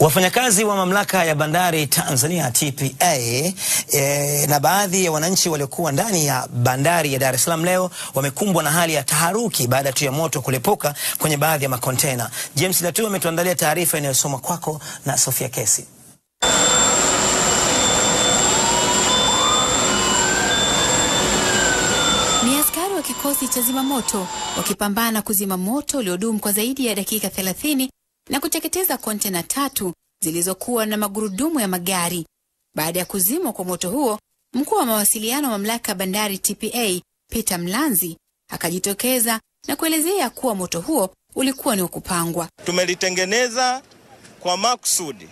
Wafanyakazi wa mamlaka ya bandari Tanzania TPA e, na baadhi ya wananchi waliokuwa ndani ya bandari ya Dar es Salaam leo wamekumbwa na hali ya taharuki baada tu ya moto kulipuka kwenye baadhi ya makontena. James Latu ametuandalia taarifa inayosoma kwako na Sofia Kesi. Ni askari wa kikosi cha zimamoto wakipambana kuzima moto uliodumu kwa zaidi ya dakika 30 na kuteketeza kontena tatu zilizokuwa na magurudumu ya magari. Baada ya kuzimwa kwa moto huo, mkuu wa mawasiliano wa mamlaka ya bandari TPA Peter Mlanzi akajitokeza na kuelezea kuwa moto huo ulikuwa ni kupangwa. Tumelitengeneza kwa makusudi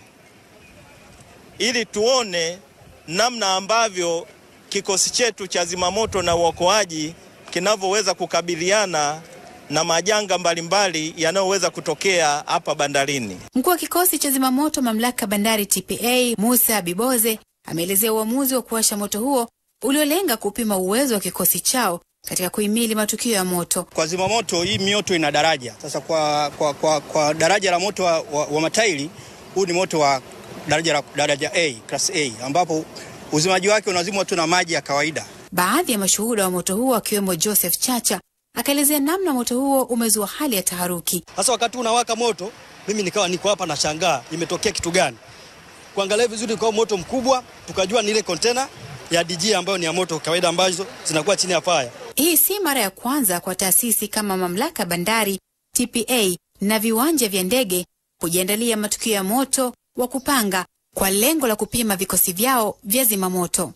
ili tuone namna ambavyo kikosi chetu cha zimamoto na uokoaji kinavyoweza kukabiliana na majanga mbalimbali yanayoweza kutokea hapa bandarini. Mkuu wa kikosi cha zimamoto mamlaka bandari TPA Musa Biboze ameelezea uamuzi wa kuwasha moto huo uliolenga kupima uwezo wa kikosi chao katika kuhimili matukio ya moto. Kwa zimamoto hii mioto ina daraja sasa, kwa, kwa, kwa, kwa daraja la moto wa, wa, wa matairi huu ni moto wa daraja la daraja A class A ambapo uzimaji wake unazimwa tu na maji ya kawaida. Baadhi ya mashuhuda wa moto huo akiwemo Joseph Chacha akaelezea namna moto huo umezua hali ya taharuki. Sasa wakati unawaka moto, mimi nikawa niko hapa nashangaa imetokea kitu gani. Kuangalia vizuri, kwa moto mkubwa, tukajua ni ile kontena ya DG ambayo ni ya moto kawaida ambazo zinakuwa chini ya faya. Hii si mara ya kwanza kwa taasisi kama mamlaka bandari, TPA na viwanja vya ndege kujiandalia matukio ya moto wa kupanga kwa lengo la kupima vikosi vyao vya zimamoto.